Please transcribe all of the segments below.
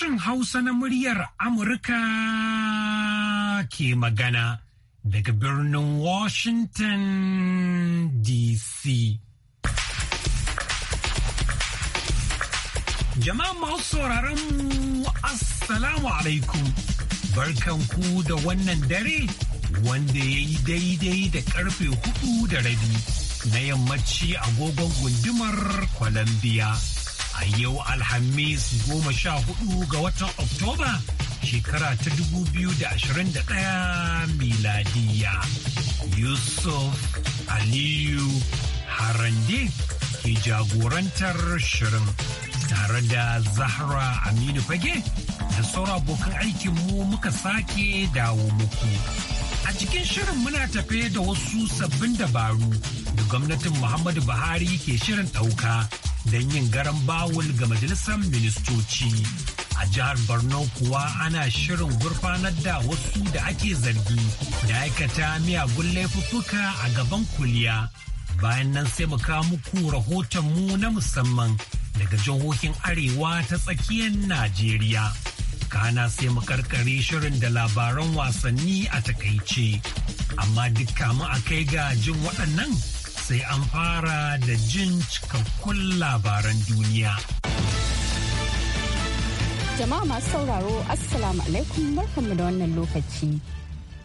Sashen Hausa na muryar Amurka ke magana daga birnin Washington DC. Jama'a masu sauraron mu Assalamu alaikum. Barkanku da wannan dare wanda ya yi daidai da karfe hudu da rabi na yammaci agogon gundumar Colombia. a yau alhamis goma sha hudu ga watan oktoba shekara ta dubu biyu da ashirin da ɗaya miladiya yusuf aliyu harande ke jagorantar shirin tare da zahra aminu fage da sauran abokan aikin mu muka sake dawo muku a cikin shirin muna tafe da wasu sabbin dabaru da gwamnatin muhammadu buhari ke shirin ɗauka don yin garan bawul ga majalisar ministoci a jihar borno kuwa ana shirin gurfanar da wasu da ake zargi da aikata miyagun laifuffuka a gaban kuliya bayan nan sai mu kawo muku mu na musamman daga jihohin arewa ta tsakiyar najeriya kana sai mu karkare shirin da labaran wasanni a takaice amma duk kamun a kai ga jin waɗannan sai an fara da jin cikakkun labaran duniya. Jama'a masu sauraro, Assalamu alaikum barkanmu da wannan lokaci.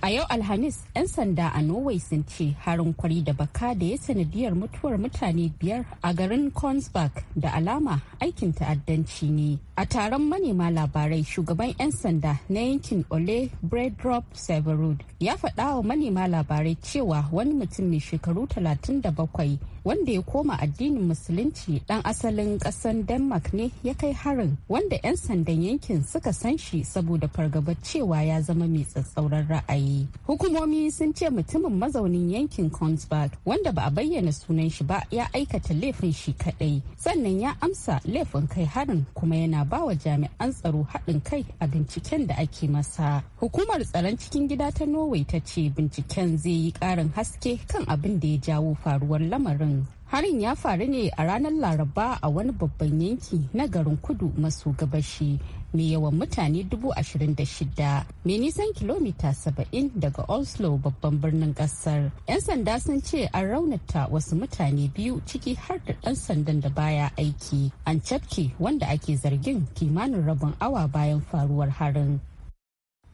A yau Alhamis, 'yan sanda a Norway sun ce harin kwari da baka da ya sanadiyar mutuwar mutane biyar a garin Kornsberg da alama aikin ta'addanci ne. A taron manema labarai shugaban 'yan sanda na yankin Ole Bredrop Severud ya faɗawa manema labarai cewa wani mutum mai shekaru 37 wanda ya koma addinin musulunci dan asalin kasan denmark ne ya kai harin wanda 'yan sandan yankin suka san shi saboda fargabar cewa ya zama mai tsatsauran ra'ayi hukumomi sun ce mutumin mazaunin yankin kongsberg wanda ba a bayyana sunan shi ba ya aikata laifin shi kadai sannan ya amsa laifin kai harin kuma yana ba wa jami'an tsaro haɗin kai a binciken da ake masa hukumar tsaron cikin gida ta norway ta ce binciken zai yi ƙarin haske kan abin da ya jawo faruwar lamarin harin ya faru ne a ranar laraba a wani babban yanki na garin kudu maso gabashi mai yawan mutane dubu ashirin da shida mai nisan kilomita saba'in daga oslo babban birnin kasar 'yan sanda sun ce an raunata wasu mutane biyu ciki har da dan sandan da baya aiki an cafke wanda ake zargin kimanin rabin awa bayan faruwar harin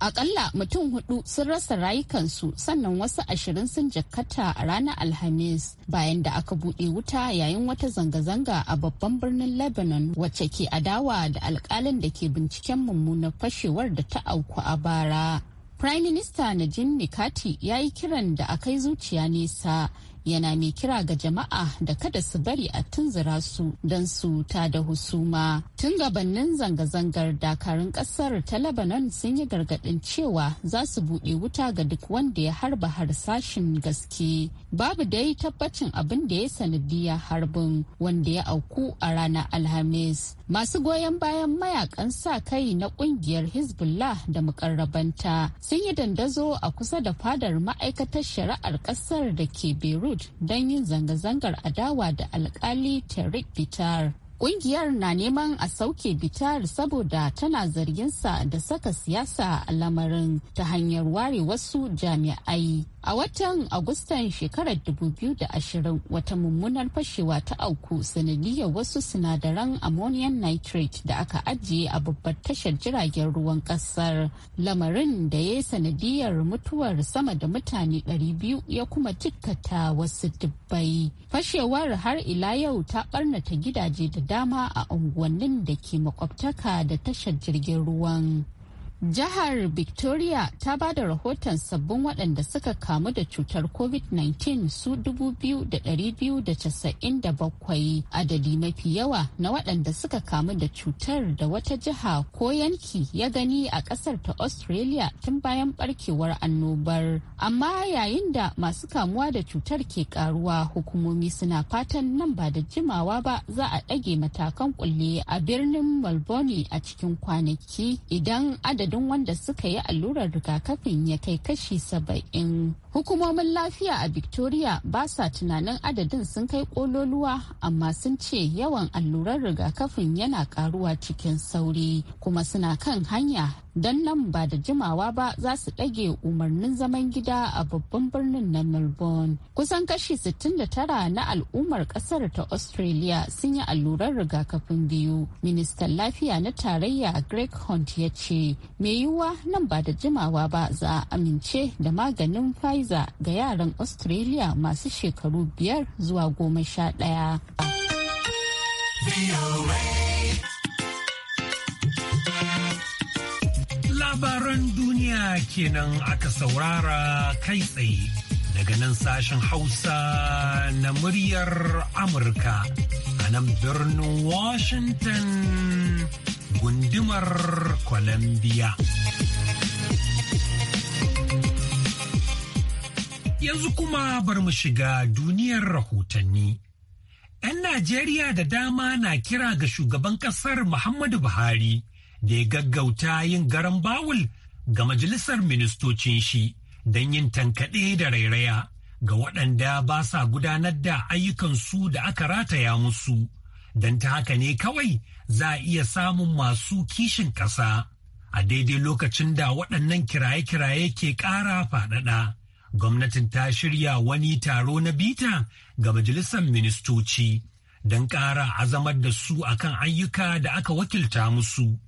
Akalla mutum hudu sun rasa rayukansu sannan wasu ashirin sun jakkata a ranar Alhamis bayan da aka buɗe wuta yayin wata zanga-zanga a babban birnin Lebanon wacce ke adawa da alkalin da ke binciken mummunar fashewar da ta auku a bara. Prime Minister Najin Mikati ya yi kiran da a kai zuciya nesa yana mai kira ga jama'a da kada su bari a tunzura su don su ta da husuma tun gabanin zanga-zangar dakarun kasar ta lebanon sun yi gargadin cewa za su buɗe wuta ga duk wanda ya harba harsashin gaske babu da dai tabbacin abin da ya sanadiyar harbin wanda ya auku a ranar alhamis masu goyon bayan mayakan sa kai na kungiyar hezbollah da mukarrabanta sun yi dandazo a kusa da fadar ma'aikatar shari'ar kasar da ke beirut beirut don yin zanga-zangar adawa da alkali tariq bitar Kungiyar na neman a sauke Bitar saboda tana zarginsa da saka siyasa a lamarin ta hanyar ware wasu jami'ai. A watan Agustan shekarar 2020 wata mummunar fashewa ta auku sanadiyar wasu sinadaran ammonium nitrate da aka ajiye a babbar tashar jiragen ruwan kasar. Lamarin da ya yi sanadiyar mutuwar sama da mutane 200 ya kuma tikkata wasu dubbai. Fashewar har ila yau ta barnata gidaje da dama a unguwannin da ke makwabtaka da tashar jirgin ruwan Jihar Victoria ta ba da rahoton sabbin waɗanda suka kamu da cutar COVID-19 su 2,297 adadi mafi yawa na waɗanda suka kamu da cutar da wata jiha ko yanki ya gani a ƙasar ta Australia tun bayan ɓarkewar annobar. Amma yayin da masu kamuwa da cutar ke ƙaruwa hukumomi suna fatan nan ba da jimawa ba za a ɗage matakan kulle a birnin Melbourne a cikin kwanaki idan adadin adadin wanda suka yi allurar rigakafin ya kai kashi saba'in. Hukumomin lafiya a Victoria ba sa tunanin adadin sun kai kololuwa amma sun ce yawan allurar rigakafin yana karuwa cikin sauri kuma suna kan hanya don nan ba da jimawa ba za su ɗage umarnin zaman gida a babban birnin na melbourne kusan kashi 69 na al'ummar ƙasar ta australia sun yi allurar rigakafin biyu ministan lafiya na tarayya greg hunt ya ce mai yiwuwa nan ba da jimawa ba za a amince da maganin pfizer ga yaran australia masu shekaru biyar zuwa goma sha ɗaya. Labaran duniya kenan aka saurara kai tsaye daga nan sashen Hausa na muryar Amurka a nan birnin Washington gundumar Columbia. Yanzu kuma bar mu shiga duniyar rahotanni. 'Yan Najeriya da dama na kira ga shugaban ƙasar Muhammadu Buhari da ya gaggauta yin garan bawul ga majalisar ministocin shi don yin tankaɗe da rairaya ga waɗanda ba sa gudanar da ayyukansu da aka rataya musu don ta haka ne kawai za a iya samun masu kishin ƙasa a daidai lokacin da waɗannan kiraye-kiraye ke ƙara faɗaɗa. Gwamnatin ta shirya wani taro na bita ga majalisar ministoci don ƙara azamar da su akan ayyuka da aka wakilta musu.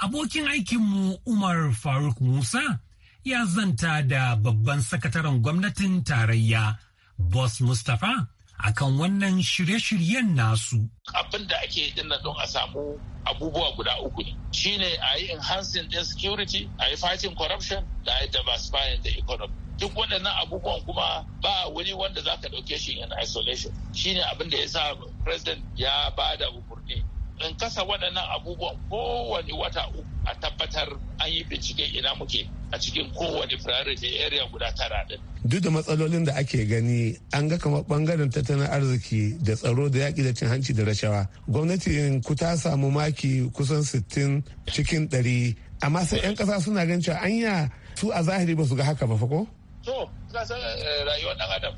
Abokin aikinmu Umar Faruk Musa ya zanta da babban sakataren gwamnatin tarayya Boss Mustapha akan wannan shirye-shiryen nasu. Abin da ake dinna don a samu abubuwa guda uku ne. shi ne a yi enhancing din security, a yi fighting corruption, da a yi diversifying the economy. Duk waɗannan abubuwan kuma ba wani wanda za ka ɗauke shi in isolation. Shi ne abin da ya sa President ya ba da umarni in kasa waɗannan abubuwan kowane wata uku a tabbatar an yi bincike ina muke a cikin kowane priority area guda tara din. Duk da matsalolin da ake gani an ga kamar bangaren tattalin arziki da tsaro da yaƙi da cin hanci da rashawa. Gwamnatin ku ta samu maki kusan sittin cikin ɗari amma sai 'yan ƙasa suna ganin cewa anya su a zahiri ba su ga haka ba fa ko? To, ka eh, rayuwar dan adam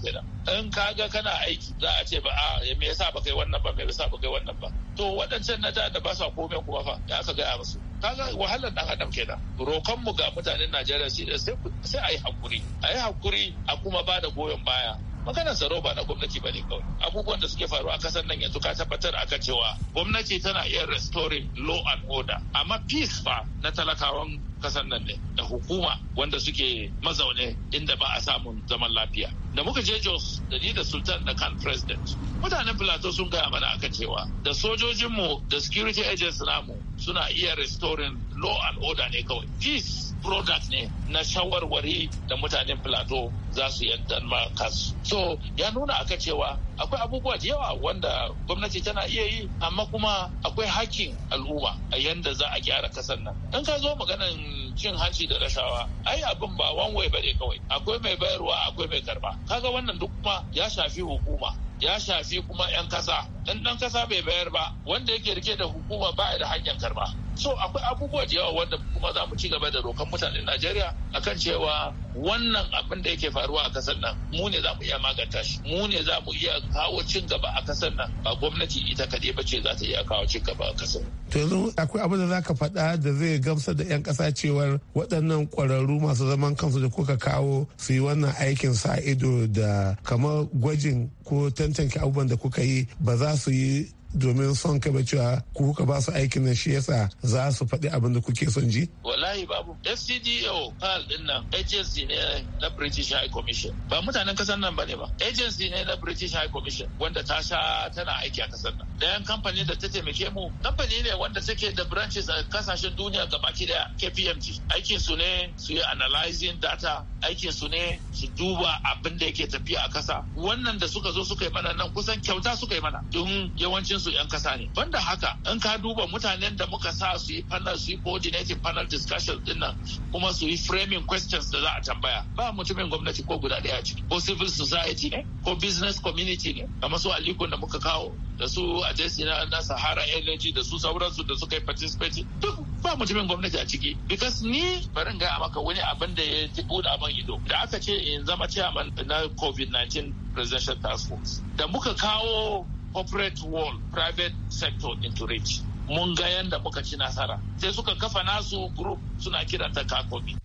in ka ga kana aiki za a ce ba a ah, me yasa ba kai wannan ba me yasa ba kai wannan ba to waɗancan na da ba sa kome kuma fa da aka gaya musu kaga wahalar dan adam kenan rokan mu ga mutanen Najeriya shi sai sai ayi hakuri ayi hakuri a kuma ba da goyon baya maganar tsaro ba na gwamnati ba ne kawai abubuwan da suke faruwa a kasar nan yanzu ka tabbatar aka cewa gwamnati tana iya restoring law and order amma peace fa na talakawan kasar nan ne da hukuma wanda suke mazaune inda ba a samun zaman lafiya da muka je jos da ni da sultan da kan president mutanen plateau sun gaya mana aka cewa da sojojinmu da security agents namu suna iya restoring law and order ne kawai peace product ne na shawarwari da mutanen plateau za su ma kasu so ya nuna aka cewa akwai abubuwa da yawa wanda gwamnati tana iya yi amma kuma akwai hakkin al'umma a yanda za a gyara kasar nan in ka zo maganan cin hanci da rashawa ai abin ba wanwai ba ne kawai akwai mai bayarwa akwai mai karba kaga wannan duk kuma ya shafi hukuma ya shafi kuma 'yan kasa dan dan kasa bai bayar ba wanda yake rike da hukuma ba da hanyar karba so akwai abubuwa da yawa wanda kuma za mu ci gaba da rokan mutanen najeriya akan cewa wannan abin da yake faruwa a kasar nan mu ne za mu iya maganta shi mu ne za mu iya kawo cin gaba a kasar nan ba gwamnati ita kaɗai ba ce za ta iya kawo cin gaba a kasar to yanzu akwai abin da za ka faɗa da zai gamsar da 'yan ƙasa cewar waɗannan ƙwararru masu zaman kansu da kuka kawo su yi wannan aikin sa ido da kamar gwajin ko tantance abubuwan da kuka yi ba za za su yi domin son ka ba cewa ku ka ba su aikin nan shi yasa za su faɗi abin da kuke son ji? Wallahi babu. FCDO PAL din nan agency ne na British High Commission. Ba mutanen kasar nan ba ne ba. Agency ne na British High Commission wanda ta sha tana aiki a kasar nan. Dayan kamfani da ta taimake mu kamfani ne wanda take da branches a kasashen duniya gabaki da KPMG. Aikin su ne su yi analyzing data, aikin su ne su duba abin da yake tafiya a kasa. Wannan da suka zo suka yi mana nan kusan kyauta suka yi mana. Don yawancin su 'yan kasa ne banda haka in ka duba mutanen da muka sa su yi panel su yi coordinating panel discussions din nan kuma su yi framing questions da za a tambaya ba mutumin gwamnati ko guda daya ciki ko civil society ne ko business community ne kamar su aliko da muka kawo da su agency na, na sahara energy da su sauransu da suka yi participating duk ba mutumin gwamnati a ciki because ni barin gaya maka wani abin da ya ci bude man ido da aka ce in zama chairman na covid-19 presidential task force da muka kawo corporate world private sector into rich mun ga yadda muka ci nasara sai suka kafa nasu group suna ta kakobi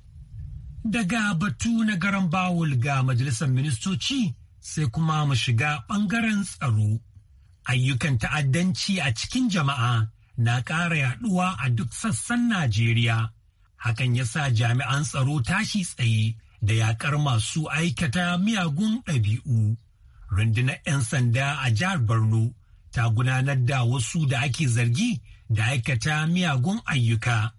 daga batu na garan bawul ga majalisar ministoci sai kuma mu shiga bangaren tsaro ayyukan ta'addanci a cikin jama'a na ƙara yaduwa a duk sassan najeriya hakan ya sa jami'an tsaro tashi tsaye da yakar masu aikata miyagun ɗabi'u rundunar 'yan sanda a jihar borno ta gudanar da wasu da ake zargi da aikata miyagun ayyuka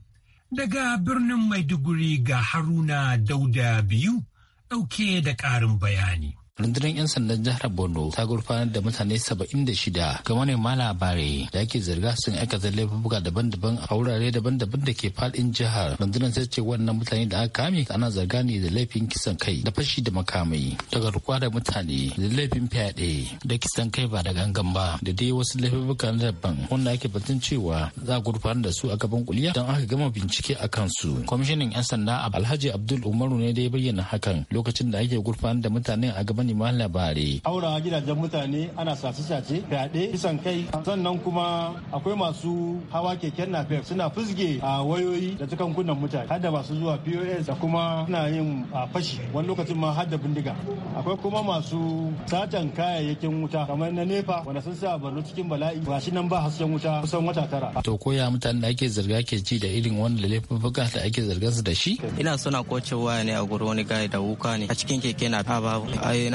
daga birnin maiduguri ga haruna dauda biyu ɗauke da ƙarin bayani rundunar 'yan sandan jihar borno ta gurfanar da mutane 76 ga manema labarai da ake zarga sun aikata laifuka daban-daban a wurare daban-daban da ke faɗin jihar rundunar ta ce wannan mutane da aka kame ana zarga ne da laifin kisan kai da fashi da makamai daga rukwa da mutane da laifin fyaɗe da kisan kai ba da gangan ba da dai wasu laifuka na daban wanda ake batun cewa za a gurfanar da su a gaban kuliya don aka gama bincike a kansu kwamishinan 'yan sanda alhaji abdul umaru ne da ya bayyana hakan lokacin da ake gurfanar da mutane a gaban manema labarai. Aurawa gidajen mutane ana sace-sace, fyaɗe, kisan kai, sannan kuma akwai masu hawa keken napep suna fizge a wayoyi da kunnan mutane, hada masu zuwa POS da kuma suna yin fashi, wani lokacin ma hada bindiga. Akwai kuma masu satan kayayyakin wuta kamar na nefa wanda sun sa barno cikin bala'i ba shi nan ba hasken wuta kusan wata tara. To koya mutanen da ake zarga ke ci da irin wanda laifuffuka da ake zargansu da shi? Ina suna kocewa ne a gurin wani gari da wuka ne a cikin keke na babu.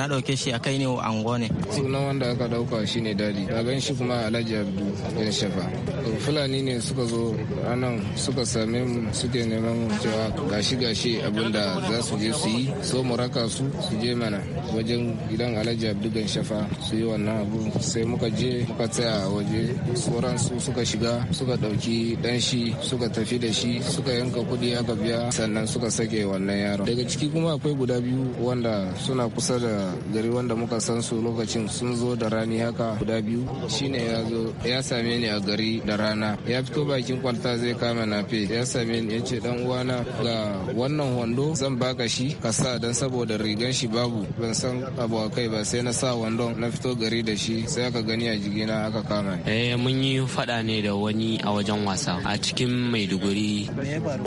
na dauke shi kai ne ango ne sunan wanda aka dauka shine dadi gan shi kuma alhaji abdu ya shafa fulani ne suka zo anan suka same mu suke neman cewa gashi gashi abinda za su je su yi so mu raka su su je mana wajen gidan alhaji abdu bin shafa su yi wannan abu sai muka je muka tsaya a waje sauran su suka shiga suka dauki dan shi suka tafi da shi suka yanka kudi aka biya sannan suka sake wannan yaron daga ciki kuma akwai guda biyu wanda suna kusa da gari wanda muka san su lokacin sun zo da rani haka guda biyu shine ya zo ya same ni a gari da rana ya fito bakin kwalta zai kama nafe ya same ni ya ce dan uwana ga wannan wando zan baka shi ka sa dan saboda rigan shi babu ban san abu a kai ba sai na sa wandon na fito gari da shi sai aka gani a jigina aka kama ni. eh mun yi fada ne da wani a wajen wasa a cikin maiduguri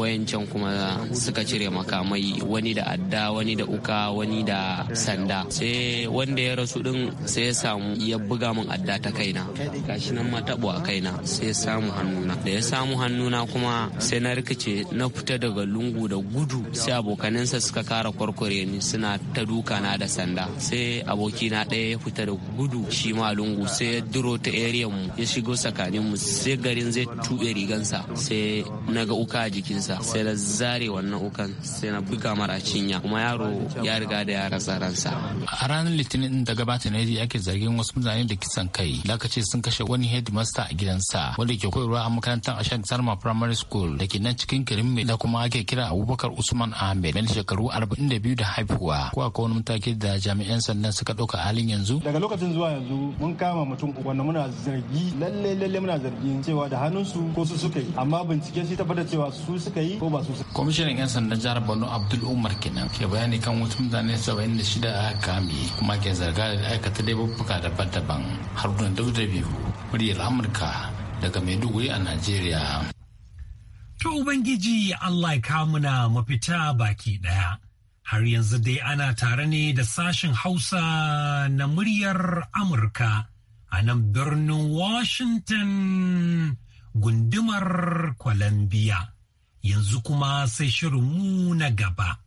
wayancan kuma suka cire makamai wani da adda wani da uka wani da sanda sai wanda ya rasu din sai ya samu ya buga min adda ta kaina gashi nan ma tabo a kaina sai ya samu hannuna da ya samu hannuna kuma sai na rikice na fita daga lungu da gudu sai abokaninsa suka kara kwarkware ni suna ta duka na da sanda sai abokina ɗaya ya fita da gudu shi ma lungu sai ya duro ta area mu ya shigo tsakanin mu sai garin zai tuɓe rigansa sai na ga uka a jikinsa sai na zare wannan ukan sai na buga mara cinya kuma yaro ya riga da ya rasa ransa a ranar litinin da gabata ne ake zargin wasu mutane da kisan kai da aka ce sun kashe wani headmaster a gidansa wanda ke koyarwa a makarantar ashan sarma primary school da ke nan cikin kirimi da kuma ake kira abubakar usman ahmed mai shekaru 42 da haifuwa ko a wani mataki da jami'an sannan suka ɗauka halin yanzu daga lokacin zuwa yanzu mun kama mutum uku wanda muna zargi lalle lalle muna zargin cewa da hannunsu ko su suka yi amma bincike shi bada cewa su suka yi ko ba su suka kwamishinan yan sandan jihar borno abdul umar kenan ke bayani kan wasu mutane 76 a makami kuma ke zarga da aikata laifuka daban-daban duk da biyu muryar amurka daga maiduguri a najeriya to ubangiji allah ya kamuna mafita baki daya har yanzu dai ana tare ne da sashen hausa na muryar amurka a nan birnin washington gundumar columbia yanzu kuma sai shirin mu na gaba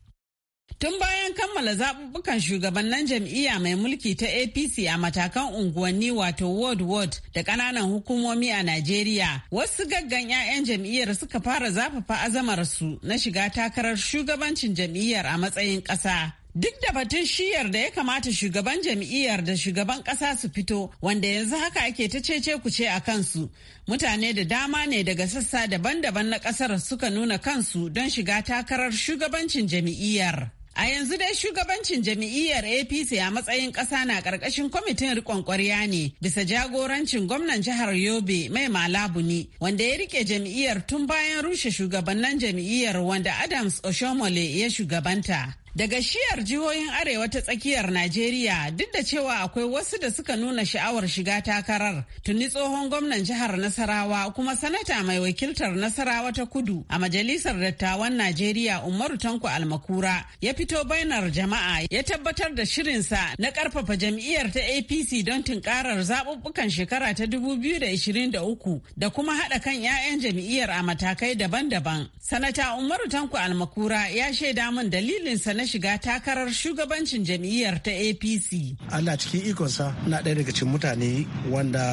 Tun bayan kammala zaɓuɓɓukan shugabannin jam'iyya mai mulki ta APC a matakan unguwanni wato ward ward da ƙananan hukumomi a Najeriya, wasu gaggan 'ya'yan jam'iyyar suka fara zafafa azamar su na shiga takarar shugabancin jam'iyyar a matsayin ƙasa. Duk da batun shiyar da ya kamata shugaban jam'iyyar da shugaban ƙasa su fito wanda yanzu haka ake ta cece kuce a kansu. Mutane da dama ne daga sassa daban-daban na ƙasar suka nuna kansu don shiga takarar shugabancin jam'iyyar. A yanzu dai shugabancin jami'iyyar APC a matsayin ƙasa na ƙarƙashin kwamitin riƙon ƙwarya ne bisa jagorancin gwamnan jihar Yobe mai ne wanda ya rike jami'iyyar tun bayan rushe shugabannin jami'iyyar wanda Adams Oshomole ya shugabanta. Daga shiyar jihohin Arewa ta tsakiyar Najeriya duk da cewa akwai wasu da suka nuna sha'awar shiga takarar tuni tsohon gwamnan jihar Nasarawa kuma sanata mai wakiltar Nasarawa ta kudu a Majalisar Dattawan Najeriya Umaru Tanko Almakura ya fito bainar jama'a ya tabbatar da shirinsa na karfafa jam'iyyar ta APC don tunkarar zaɓuɓɓukan shekara ta dubu 2023 da kuma haɗa kan 'ya'yan jam'iyyar a matakai daban-daban. Sanata Umaru Tanko Almakura ya shaida min dalilinsa na shiga takarar shugabancin jam'iyyar ta APC. Allah cikin ikonsa na ɗaya daga cikin mutane wanda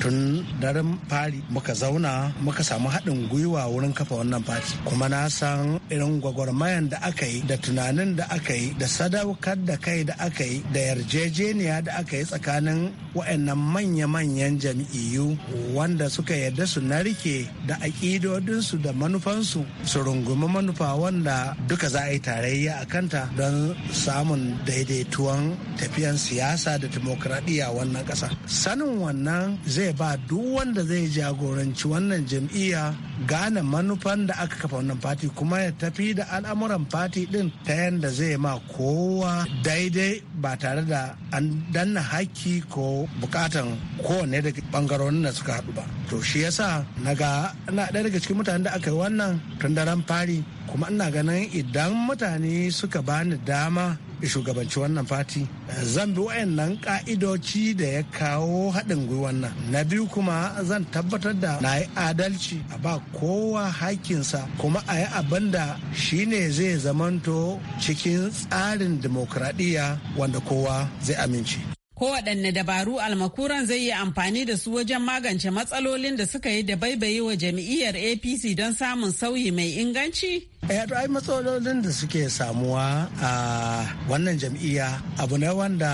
tun daren fari muka zauna muka samu haɗin gwiwa wurin kafa wannan fati. Kuma na san irin gwagwarmayan da aka yi da tunanin da aka yi da sadaukar da kai da aka yi da yarjejeniya da aka yi tsakanin wa'annan manya-manyan jam'iyyu wanda suka yarda su na rike da aƙidodinsu da manufansu su rungumi manufa wanda duka za a yi tarayya a kanta don samun daidaituwan tafiyan siyasa da demokradiyya wannan kasa. sanin wannan zai ba duk wanda zai jagoranci wannan jam'iyya gane manufan da aka kafa wannan fati kuma ya tafi da al'amuran fati din ta yadda zai ma kowa daidai ba tare da an danna haƙƙi ko bukatan kowanne daga bangarorin da suka haɗu ba to shi yasa na ga ɗaya daga cikin mutanen da aka yi wannan tun fari kuma ina ganin idan mutane suka bani dama shugabanci wannan fati zan bi wayannan ka'idoci da ya kawo haɗin gwiwan nan na biyu kuma zan tabbatar da na yi adalci a ba kowa hakinsa kuma a yi abin da ne zai zamanto cikin tsarin dimokuraɗiyya wanda kowa zai amince kowaɗanne dabaru almakuran zai yi amfani da su wajen magance matsalolin da suka yi da baibaye wa jam'iyyar apc don samun sauyi mai inganci Eh, to ai matsalolin da suke samuwa a wannan jam'iyya abu ne wanda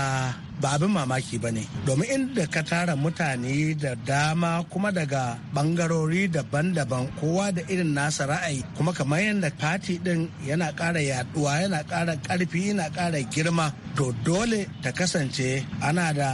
ba abin mamaki ba ne domin inda ka tara mutane da dama kuma daga bangarori daban-daban kowa da irin nasa ra'ayi kuma kamar yadda fati din yana kara yaduwa yana ƙara ƙarfi yana ƙara girma to dole ta kasance ana da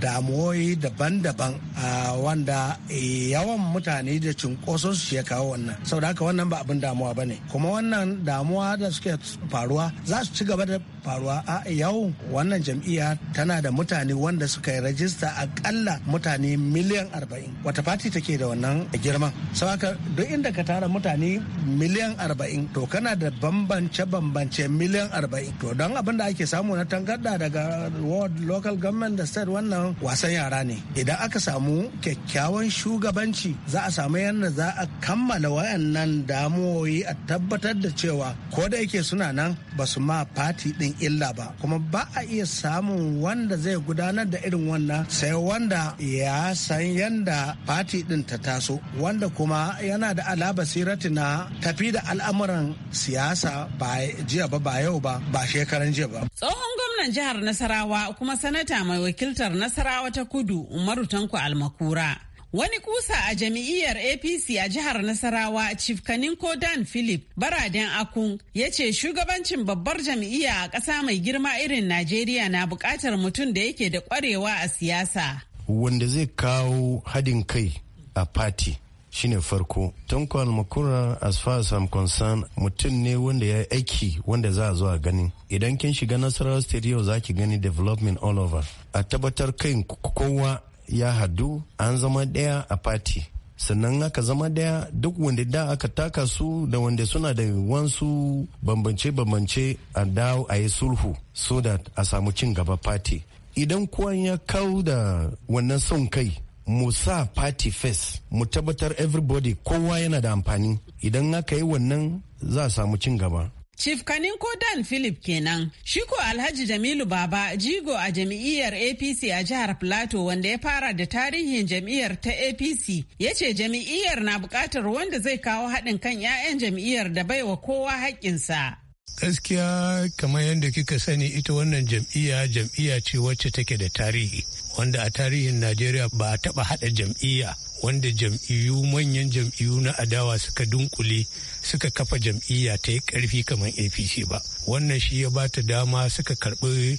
damuwoyi daban-daban a wanda yawan mutane da cunkoson su ya kawo wannan saboda haka wannan ba abin damuwa ba ne kuma wannan damuwa da suke faruwa za su ci gaba da faruwa a yau wannan jam'iyya tana da mutane wanda suka yi rajista akalla mutane miliyan 40 wata fati take da wannan girman saboda duk inda ka tara mutane miliyan 40 to kana da bambance-bambance miliyan 40 to don abin da ake samu na tangarda daga world local government da state wannan wasan yara ne idan aka samu kyakkyawan shugabanci za a samu yadda za a kammala wayannan damuwoyi a tabbatar da cewa ko da yake suna nan ba su ma fati din illa ba kuma ba a iya samun wanda zai gudanar da irin wannan sai wanda ya san yadda fati din ta taso wanda kuma yana da alabasirati na tafi da al'amuran siyasa ba jiya ba ba yau ba ba shekaran jiya ba tsohon gwamnan jihar nasarawa kuma sanata mai wakiltar Nasarawa ta Kudu Umaru Tanko Almakura. Wani kusa a jami'iyar APC a jihar Nasarawa Chief Kaninko Dan Philip Baraden Akun ya ce shugabancin babbar jam'iyya a ƙasa mai girma irin Najeriya na buƙatar mutum da yake da ƙwarewa a siyasa. Wanda zai kawo haɗin kai a party. shine farko tankwan makura as far as i'm concerned mutum ne wanda ya aiki wanda za a zo a gani idan kin shiga nasarar studio za ki gani development all over a tabbatar kai kowa ya hadu an zama daya a party sannan aka zama daya duk wanda da aka taka su da wanda suna da wansu bambance-bambance a dawo a yi sulhu so that a samu cin gaba party idan kowa ya kawo da wannan son kai mu sa party face mu tabbatar everybody kowa yana da amfani idan aka yi wannan za a samu cin gaba Chief Kaninko Dan Philip kenan. Shiko Alhaji Jamilu Baba jigo a jam'iyyar APC a jihar Plateau wanda ya fara da tarihin jam'iyyar ta APC ya ce jam'iyyar na bukatar wanda zai kawo haɗin kan 'ya'yan jam'iyyar da bai wa kowa haƙƙinsa. Gaskiya kamar yadda kika sani ita wannan jam'iyya jam'iyya ce wacce take da tarihi. wanda a tarihin najeriya ba a taɓa haɗa jam'iyya wanda jam'iyyu manyan jam'iyyu na adawa suka dunkule suka kafa jam'iyya ta yi ƙarfi kamar apc ba wannan shi ya bata dama suka karɓi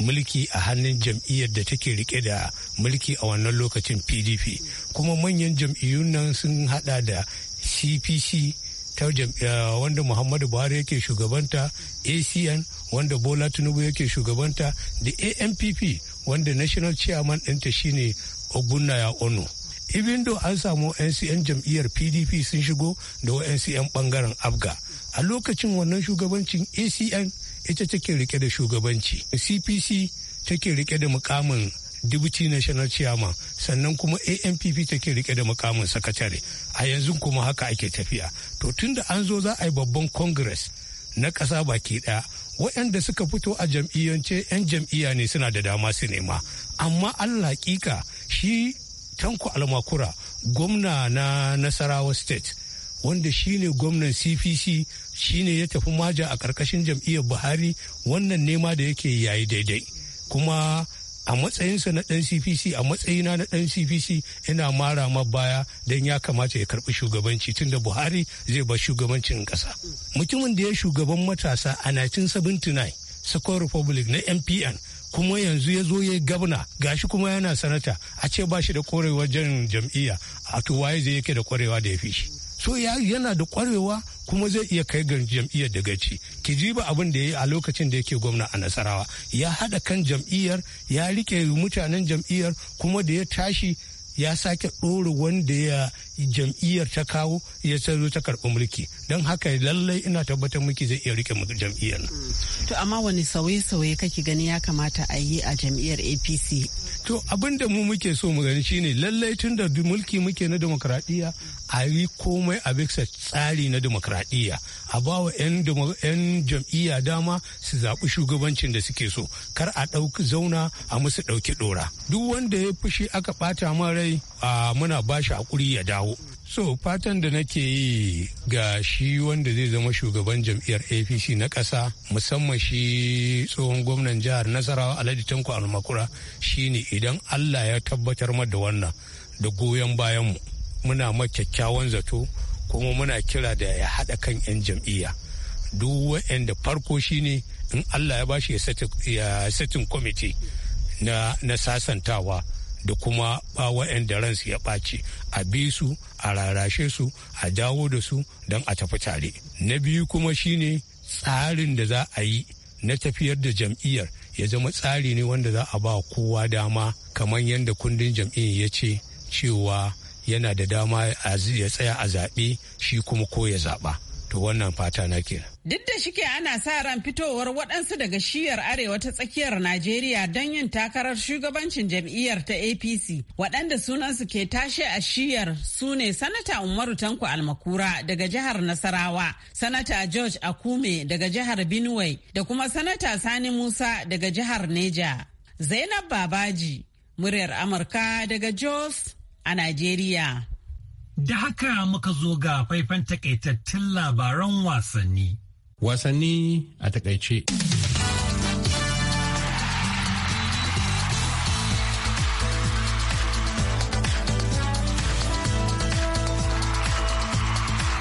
mulki a hannun jam'iyyar da take rike da mulki a wannan lokacin pdp kuma manyan jam'iyyu nan sun haɗa da cpc ta eh, wanda muhammadu buhari yake shugabanta acn wanda bola tinubu yake shugabanta da ANPP. wanda national chairman ɗinta shine ogunnaya ono ibin do an samu 'yan jam'iyyar pdp sun shigo da wa'yansu 'yan bangaren abga a lokacin wannan shugabancin acn ita take rike da shugabanci cpc take rike da mukamin deputy national chairman sannan kuma ampp take rike da mukamin sakatare a yanzu kuma haka ake tafiya to tunda an zo za a yi babban congress na ƙasa baki ɗaya waɗanda suka fito a jam'iyyance 'yan jam'iyya ne suna da dama su nema amma allah kika shi tanko almakura gwamna na nasarawa state wanda shine gwamnan cpc shine ya tafi maja a ƙarƙashin jam'iyyar buhari wannan nema da yake yayi daidai kuma a matsayinsa na dan cpc a matsayina na dan cpc ina mara ma baya don ya kamata ya karɓi shugabanci tun da buhari zai ba shugabancin ƙasa. mutumin da ya shugaban matasa a 1979 second republic na mpn kuma yanzu ya zo ya gabna gashi kuma yana sanata a ce ba shi da kwarewar jam'iyya a to waye zai yake da kwarewa da ya fi shi so yana da kwarewa kuma zai iya kai ga jam'iyyar da gaci ki ji ba abin da ya yi a lokacin da yake gwamna a nasarawa ya haɗa kan jam'iyyar ya rike mutanen jam'iyyar kuma da ya tashi ya sake ɗora wanda ya jam'iyyar ta kawo ya zo ta karɓi mulki don haka lallai ina tabbatar mulki zai iya rike jam'iyyar. to amma wani sauye-sauye kake gani ya kamata a yi a jam'iyyar apc to abin da mu muke so mu gani shine lallai tun da mulki muke na demokradiyya a yi komai a bisa tsari na demokradiyya a ba wa 'yan jam'iyya dama su zaɓi shugabancin da suke so kar a ɗauki zauna a musu ɗauki ɗora duk wanda ya fushi aka ɓata mara rai muna bashi a ya dawo so fatan da nake yi ga shi wanda zai zama shugaban jam'iyyar apc na ƙasa musamman shi tsohon gwamnan jihar nasarawa alhaji tanko almakura shine idan allah ya tabbatar da wannan da goyon bayanmu muna ma kyakkyawan zato kuma muna kira da ya haɗa kan 'yan jam'iyya duk wa'anda farko shine in allah ya bashi ya setting kwamiti na sasantawa da kuma ba waɗanda ransu ya ɓaci a bi su a rarashe su a dawo da su don a tafi tare na biyu kuma shine tsarin da za a yi na tafiyar da jam'iyyar ya zama tsari ne wanda za a ba kowa dama kamar yadda kundin jam'iyyar ya ce cewa yana da dama ya tsaya a zaɓe shi kuma ko ya zaɓa to wannan fata na kenan Duk da shike ana sa ran fitowar waɗansu daga shiyar arewa ta tsakiyar Najeriya don yin takarar shugabancin jam'iyyar ta APC waɗanda sunansu ke tashe a shiyar su ne Sanata Umaru Tanko Almakura daga jihar Nasarawa, Sanata George Akume daga jihar Benue da kuma Sanata Sani Musa daga jihar Neja. Zainab Babaji, muryar Amurka daga Jos a Najeriya. Da haka muka zo ga faifan takaitattun labaran wasanni. Wasanni a takaice.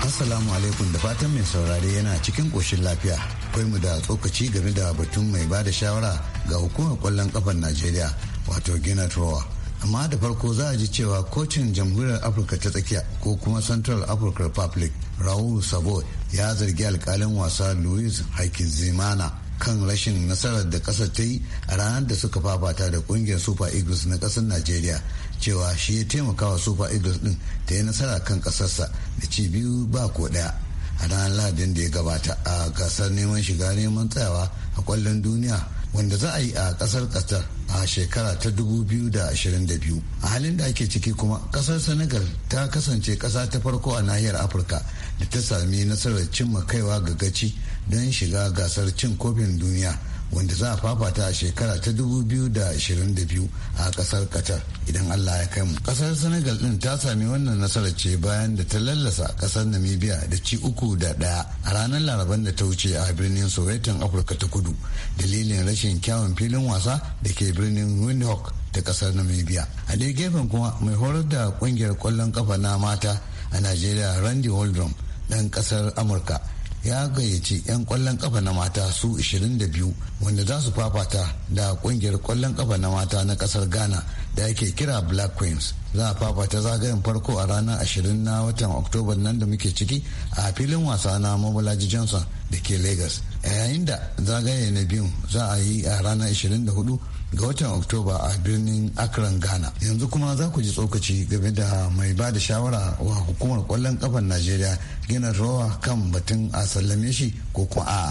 Assalamu alaikum da fatan mai saurare yana cikin ƙoshin lafiya. kwai mu da tsokaci game da batun mai ba da shawara ga hukumar ƙwallon ƙafar Najeriya wato Gina Trowa. amma da farko za a ji cewa kocin jamhuriyar afirka ta tsakiya ko kuma central african republic raul sabo ya zargi alkalin wasa louis hakizimana zimana kan rashin nasarar da kasar ta yi a ranar da suka fafata da kungiyar super eagles na kasar nigeria cewa shi ya taimakawa super eagles din ta yi nasara kan kasarsa da ci biyu ba ko daya a ranar lahadin da ya gabata a gasar neman shiga neman tsayawa a kwallon duniya wanda za a yi a kasar qatar a shekara ta 2022 a halin da ake ciki kuma kasar senegal ta kasance kasa ta farko a nahiyar afirka da ta sami nasarar cimma kaiwa ga gaci don shiga gasar cin kofin duniya wanda za a fafata a shekara ta 2022 a kasar qatar idan allah ya kai mu kasar senegal din ta sami wannan nasarar ce bayan da ta lallasa kasar namibia da ci uku da daya a ranar laraban da ta wuce a birnin sowetan afirka ta kudu dalilin rashin kyawun filin wasa da ke birnin windhoek ta kasar namibia a dai gefen kuma mai horar da kungiyar kwallon kafa na mata a najeriya randy holdrum dan kasar amurka ya gayyaci 'yan kwallon kafa na mata su 22 wanda za su fafata da kungiyar kwallon kafa na mata na kasar ghana da ake kira black queens za a fafata zagayen farko a ranar 20 na watan oktoba nan da muke ciki a filin wasa na mobilaji johnson da ke lagos yayin da zagaye na biyu za a yi a ranar 24 ga watan oktoba a birnin akran ghana yanzu kuma za ku ji tsokaci game da mai ba da shawara wa hukumar kwallon kafan najeriya gina rawa kan batun a sallame shi ko kuma a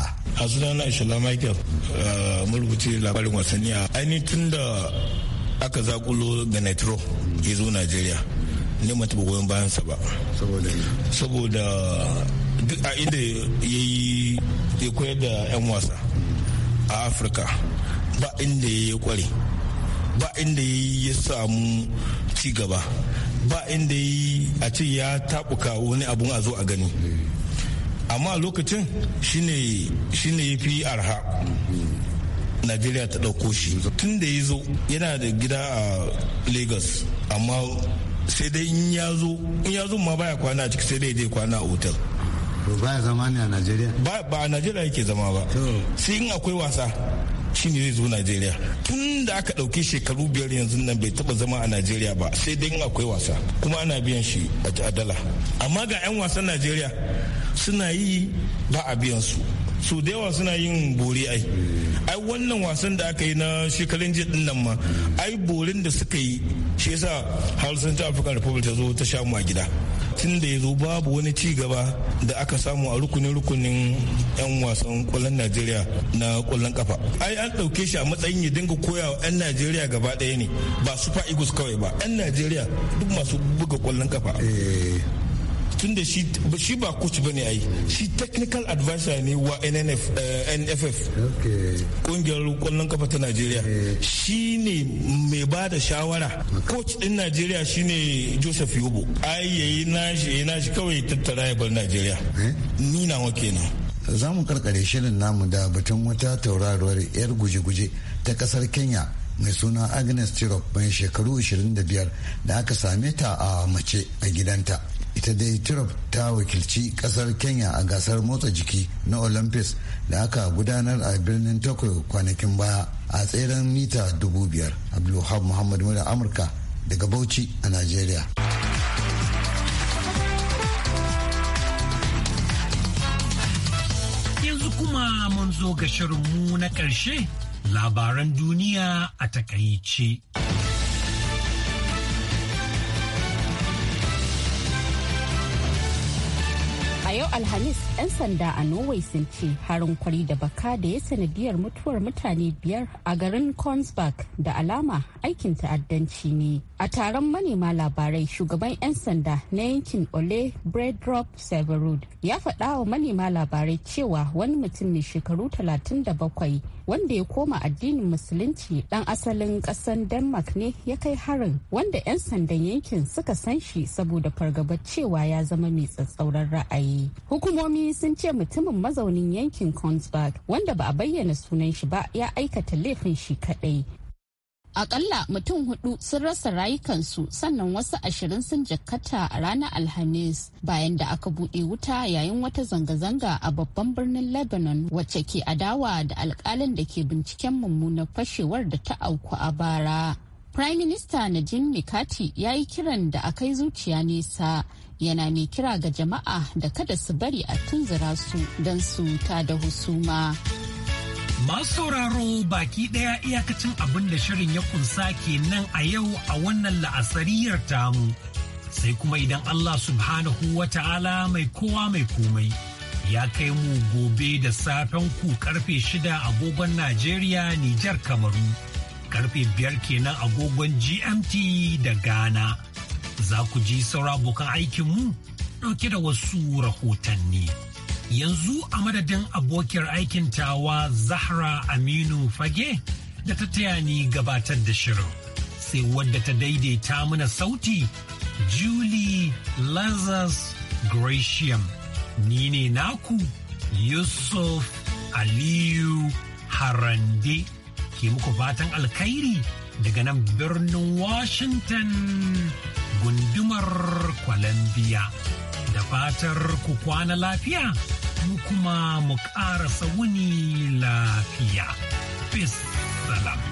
a sunana ishala michael uh, marubuci labarin wasanni a ainihin tun da aka zakulo ga nitro ya zo najeriya ne mata goyon sa ba saboda duk a inda ya yi ya koyar da 'yan wasa a afirka ba inda ya kware ba inda ya samu ci gaba ba inda yi a ce ya taɓuka wani abun a zo a gani amma a lokacin shine ya fi arha najeriya ta ɗauko shi tun da ya zo yana da gida a lagos amma sai dai in ya zo in ya zo ma baya kwana a ciki sai dai dai kwana a otal baya zama ne a najeriya ba a najeriya yake zama ba sai in akwai wasa shine zai zo najeriya tun da aka ɗauki shekaru biyar yanzu nan bai taɓa zama a najeriya ba sai dai akwai wasa kuma ana biyan shi a dala amma ga 'yan wasan najeriya suna yi ba a biyan su su da yawa suna yin bori ai ai wannan wasan da aka yi na shekarun jiya din nan ma ai borin da suka yi shi yasa har ta african republic ta zo ta sha mu a gida tun da ya zo babu wani ci gaba da aka samu a rukunin rukunin 'yan wasan kwallon najeriya na kwallon kafa ai an dauke shi a matsayin ya dinga koya wa 'yan najeriya gaba ɗaya ne ba super eagles kawai ba 'yan najeriya duk masu buga kwallon kafa eh. tun da shi ba coach ba ne yi shi technical advisor ne wa nnf eh, nff kungiyar kwallon kafa ta nigeria. shi ne mai ba da shawara coach din nigeria shi ne joseph yobo ai yayi nashi nashi kawai tattara ya bar nigeria. Eh? ni wa kenan za mu karkare shirin namu da batun wata tauraruwar 'yar guje-guje ta kasar kenya mai suna agnes tirop mai shekaru 25 da aka same ta a mace a gidanta ita dai turop ta wakilci kasar kenya a gasar motsa jiki na olympics da aka gudanar a birnin tokyo kwanakin baya a tseren mita 5,000 abdulhab Muhammadu mura amurka daga bauchi a nigeria yanzu kuma mun zo ga shirinmu na ƙarshe labaran duniya a takaice. Alhamis 'yan sanda a Norway sun ce harin kwari da baka da ya sanadiyar mutuwar mutane biyar a garin Konsberg da alama aikin ta'addanci ne. A taron manema labarai shugaban 'yan sanda na yankin Ole breadrop Severud ya faɗa wa manema labarai cewa wani mutum ne shekaru 37 wanda ya koma addinin musulunci dan asalin ƙasan Denmark ne ya kai harin wanda 'yan sandan yankin suka san shi saboda fargabar cewa ya zama mai tsatsauran ra'ayi. Hukumomi sun ce mutumin mazaunin yankin Kongsberg wanda ba a bayyana sunan shi ba ya aikata laifin shi kadai. Akalla mutum hudu sun rasa rayukansu sannan wasu ashirin sun jakkata a ranar Alhamis bayan da aka buɗe wuta yayin wata zanga-zanga a babban birnin Lebanon wacce ke adawa da alkalin da ke binciken mummunan fashewar da ta auku a bara. Prime Minister Najim Mikati ya yi kiran da akai yi zuciya nesa yana mai kira ga jama'a da kada su bari a tunzura su don su ta da husuma. Masu sauraro baki ɗaya iyakacin abin da shirin ya kunsa nan a yau a wannan la'asariyar tamu. Sai kuma idan Allah subhanahu wa ta'ala mai kowa mai komai ya kai mu gobe da safen ku karfe shida agogon Najeriya Nijar Kamaru, karfe biyar kenan agogon GMT da Ghana. za ku ji saura abokan aikinmu ɗauke da wasu rahotanni. Yanzu a madadin abokiyar aikin tawa Zahra Aminu Fage da ta taya ni gabatar da shirin. Sai wadda ta daidaita mana sauti Julie Lazarus Gratiam. Ni ne naku Yusuf Aliyu Harande ke muku fatan alkhairi. daga nan birnin Washington gundumar Columbia. Da fatar ku kwana lafiya, mu kuma mu ƙara wuni lafiya. Peace, salam.